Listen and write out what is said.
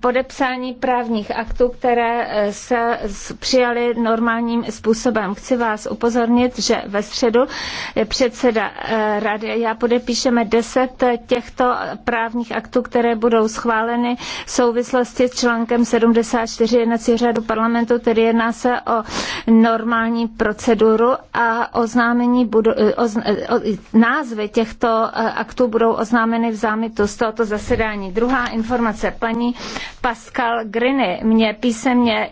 podepsání právních aktů, které eh, se přijaly normálním způsobem. Chci vás upozornit, že ve středu předseda eh, rady a já podepíšeme deset těchto právních aktů, které budou schváleny v souvislosti s článkem 74 jednací řadu parlamentu, tedy jedná se o normální proceduru a oznámení budu, eh, ozn, názvy těchto aktů budou oznámeny v zámitu z tohoto zasedání. Druhá informace, paní paní Pascal Griny mě písemně